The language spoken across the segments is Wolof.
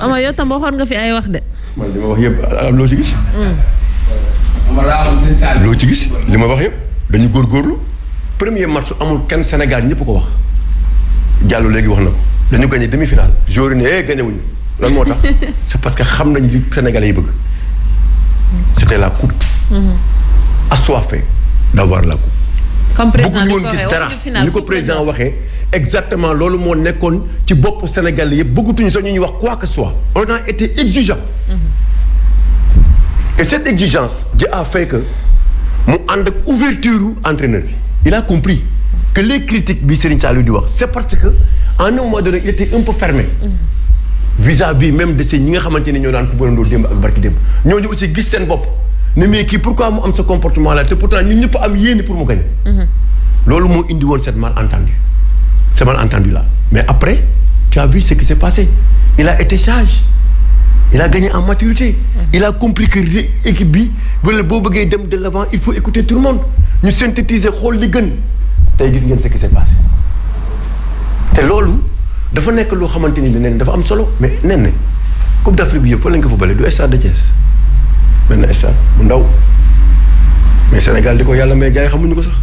ama yow tam waxoon nga fi ay wax de. li ma wax yëpp loo ci gis. Hmm. loo ci gis li ma wax yëpp dañu góor góorgóorlu premier match amul kenn Sénégal ñëpp ko wax Diallo léegi wax na ko dañu gagné demi finale jour ne eh gagné wuñu moo tax c'est parce que xam nañ li Sénégalais yi bëgg hmm. c'était la coupe hmm. assoiffé d'avoir la coupe comme bëgguñu woon gis dara ni ko président waxee. exactement loolu moo nekkoon ci bopp Sénégal yëpp bëggatuñu sax ñu ñuy wax quoi que soit on a été exigeant. Mm-hmm. et cette exigence. ji a fait que mu ànd ak ouverture entraîneur bi. il a compris que les critiques bi Serigne Saliou di wax c'est parce que en un moment donné il était un peu fermé. Mm-hmm. vis-à-vis même de ces ñi nga xamante ne ñoo daan footballandoo démb ak barki démb ñooñu aussi gis seen bopp. ne mais kii pourquoi mu am ce comportement là te pourtant ñun ñëpp am yéene pour mu gagné. Mhm. loolu moo indi woon cette malentendu ce malentendu là mais après tu as vu ce qui s'est passé il a été sage il a gagné en maturité. Mhm. il a compris équipe bi wala boo bëggee dem de l'avant il faut écouter tout monde ñu synthétiser xool li gën tey gis ngeen ce qui s'est passé te loolu dafa nekk loo xamante ni ne dafa am solo mais nee na Coupe d'Afrique bi yëpp fa lañ ko fa bale du stade benn stade bu ndaw mais Sénégal di ko yàlla may gars yi xamuñu ko sax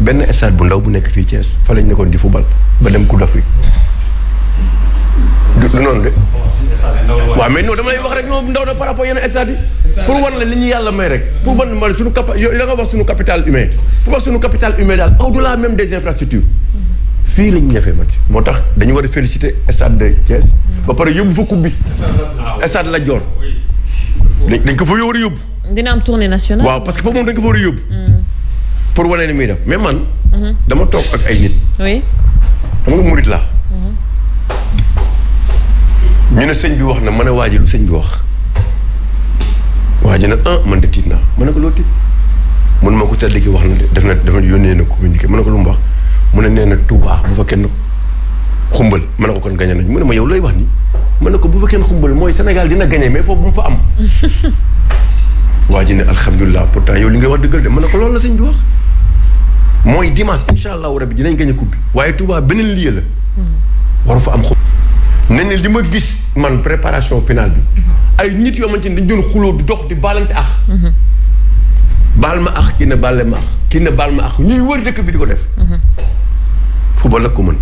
benn stade bu ndaw bu nekk fii cees fa lañ nekkoon di football ba dem Coupe d'Afrique du noonu de. waaw mais non dama wax rek non ndaw na par rapport yenn stade yi. pour war la li ñu yàlla may rek. pour man man suñu capa la nga wax suñu capital humain. pour wax suñu capital humain daal au delà des infrastructures. fii lañu ñu ñafee Mathieu moo tax dañu war a féliciter stade de Thiès. la dañ ko fa a yóbbu. dina am tournée nationale. waaw parce que foofu moom dañ ko fa war a yóbbu. Hmm. pour wane ni muy def mais hmm. dama toog ak ay nit. oui. dama ne hmm. sëñ bi wax na ma ne waa bi wax. waa ji ah, man de tiit naa ma ne ko loo mun ma ko wax na de na dafa yónnee na ma ne ko lu mu wax mu a nee Touba bu fa kenn xumbal ma a ko kon gañe nañ mu ne ma yow looy wax nii ma ne ko bu fa kenn xumbal mooy Sénégal dina gagné mais foofu bu mu fa am. waa ji ne alhamdulilah pourtant yow li ngay wax dëggal de mën na ko loolu la sëñ bi wax. mooy dimanche incha allahu bi dinañ gagné coupe bi waaye Touba beneen lieu la. Mm-hmm. waru fa am ne li ma gis man préparation finale bi. Mm-hmm. ay nit yoo xamante ni dañ doon xuloo di dox di baalante ax. Mm-hmm. baal ma ak kii na baal ma ax kii na baal ma ax ñuy wër dëkk bi di ko def. football la ko mën.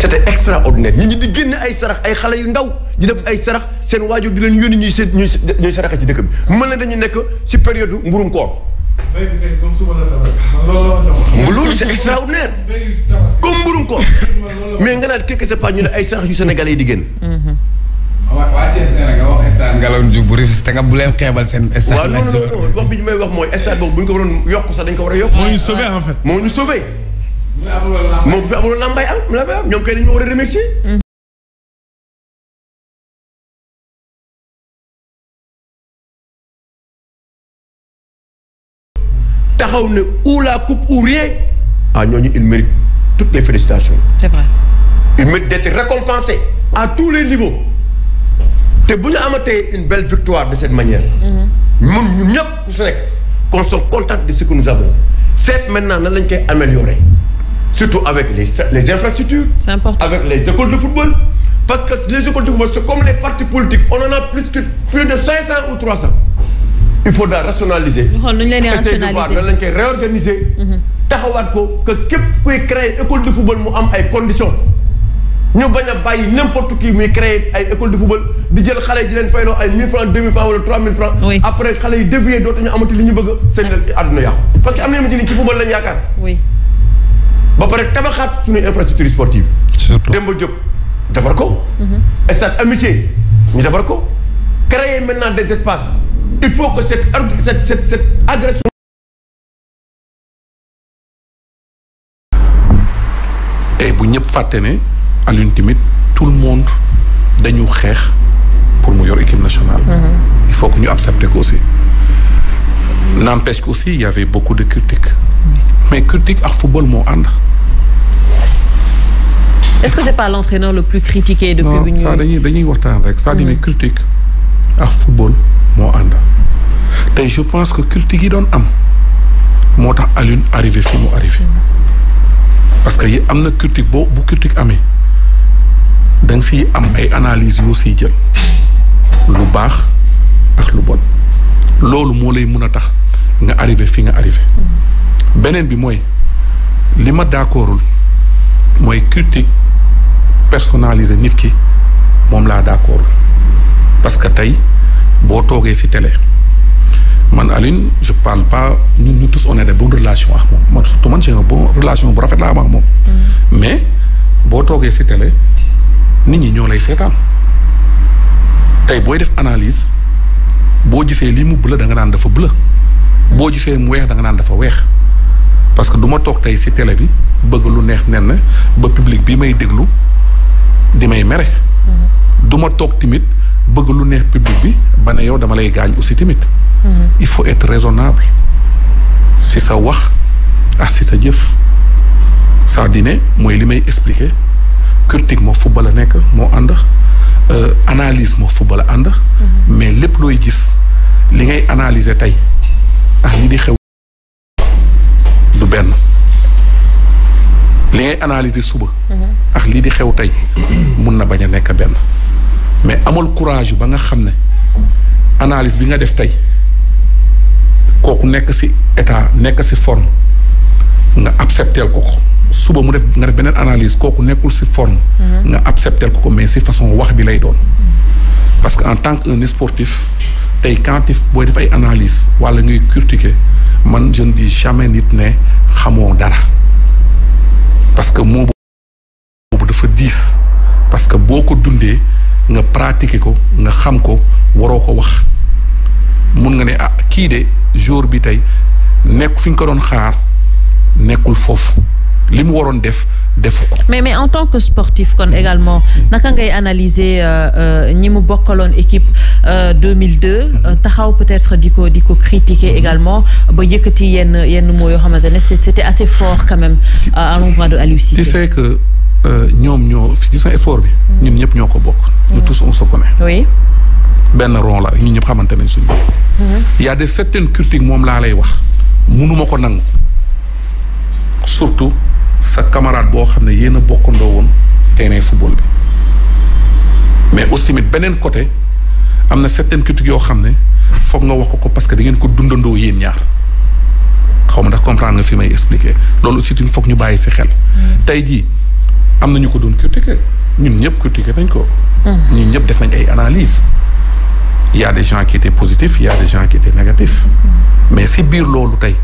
c'était extraordinaire ñu ñi di génn ay sarax ay xale yu ndaw di def ay sarax seen waajur di leen yónni ñuy seet ñuy ñuy saraxe ci dëkk bi mu mel ne dañu nekk si période mburum koor. loolu c'est extraordinaire comme mburum koor mais nga naan sa part ñu ne ay sarax yu sénégalais yi di génn. waaw waa Thiès nee nga wax bu Rufisque te nga bu leen xeebal seen. stade wax bi ñu may boobu ko waroon yokk sax dañ ko war a moo ñu sauvé moom am làmbaay am ñoom taxaw ne ou la coupe ou rien ah ñooñu il mérite toutes les félicitations. c'est vrai. il mérite récompensé à tous les niveaux te bu ñu amatee une belle victoire de cette manière. mun mm-hmm. ñun ñëpp ku nekk qu'on soit content de ce que nous avons seet maintenant nan lañ koy améliorer. surtout avec les les infrastructures. c'est important avec les écoles de football. parce que les écoles de football c'est comme les partis politiques on en a plus que plus de 500 ou 300. il faut daal rationaliser. ñu xool réorganiser. Mm-hmm. taxawaat ko que képp kuy créer école de football mu am ay condition ñu bañ a bàyyi n'importe qui muy créer ay école de football di jël xale yi di leen fayloo ay 1000 francs 2000 francs après xale dévier dootuñu ñu bëgg a. seen ah. àdduna yàqu parce que am ba pare tabaxaat suñuy infrastructure sportive. surtout Demba Diop defar ko. Mhm. stade amitié ñu defar ko. créer maintenant des espaces il faut que cette cette ñëpp fàtte ne tamit tout le dañu xeex pour mu yor équipe nationale. Mhm. il faut que ko aussi n'empêche mais critique ak football moo ànd. est-ce le plus critiqué depuis bu ñu non ça dañuy dañuy waxtaan rek ça mm. ne critique ak football moo ànd tey je pense que critique yi doon am moo tax Alioune arrivé fi mu arrivé parce que yi am na critique boo bu critique amee danga fi am ay analyses yoo si jël lu baax ak lu bon loolu moo lay mun a tax nga arrivé fi nga arrivé. Mm. beneen bi mooy li ma d'accordul mooy critique personnalisée nit ki moom laa d'accordul parce que tey boo toogee ci télé man Aline je parle pas ñun ñu tous on a des bonnes relations ak moom man surtout man j'ai une bonne relation bu rafet laa am ak moom. Mm-hmm. mais boo toogee ci télé nit ñi ñoo lay seetaan tey booy def analyse boo gisee lii mu bleu da nga naan dafa bleu boo gisee mu weex da nga naan dafa weex. parce que duma toog tey si télé bi bëgg lu neex nen na ba public bi may déglu di may mere. Mm-hmm. du toog tamit bëgg lu neex public bi ba ne yow dama lay gaañ aussi tamit. Mm-hmm. il faut être raisonnable ci sa wax ak si sa jëf. saa dine mooy li may expliquer critique moo football a nekk moo ànd euh, analyse moo football a ànd mm-hmm. mais lépp looy gis li ngay analyser tey analyser suba. ak lii di xew tey mun na bañ a nekk benn. mais amul courage ba nga xam ne analise bi nga def tey kooku nekk ci état nekk ci forme nga accepteel ko ko suba mu def nga def beneen analyse kooku nekkul ci forme. nga accepteel ko ko mais ci façon wax bi lay doon. parce que en tant qu'un sportif tey quand booy def ay analyse walla ngay critiquer man jeune ne dis jamais nit ne xamoo dara. parce que moo boobu dafa diis parce que boo ko dundee nga pratiquer ko nga xam ko waroo ko wax mun nga ne ah kii de jour bi tey nekk fi nga ko doon xaar nekkul foofu li mu waroon def defu mais mais en tant que sportif kon également naka ngay analyser euh, euh, ñi mu bokkaloon équipe 2002 euh, taxaw peut-être di ko di ko critiquer également ba yëkkati yenn yenn mots yoo xamante ne c'était assez fort quand même à de Aliou ñoom ñoo gis nga sport bi. Mm. ñun ñëpp ñoo ko bokk. nous mm. tous on se connaît. oui. benn ron la ñun ñëpp xamante nañ suñu. Mm-hmm. y a des certaines moom laa lay wax. mënuma ko nangu surtout. sa camarade boo xam ne yéen a bokkandoo woon terrain football bi mais aussi tamit beneen côté am na certaines critiques yoo xam ne foog nga wax ko ko parce que da ngeen ko dundandoo yéen ñaar xaw ma ndax comprendre nga fi may expliquer loolu aussi tamit foog ñu bàyyi si xel. Mm. tey jii am na ñu ko doon critiquer ñun ñëpp critiquer nañ ko. Mm. ñun ñëpp def nañ ay analyse il de a des gens qui étaient positifs il y a des mm. mais si biir loolu tey.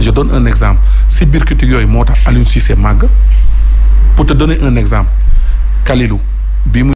je donne un exemple si biir birkitu yooyu moo tax si Cissé màgg pour te donner un exemple Kalilou bi mu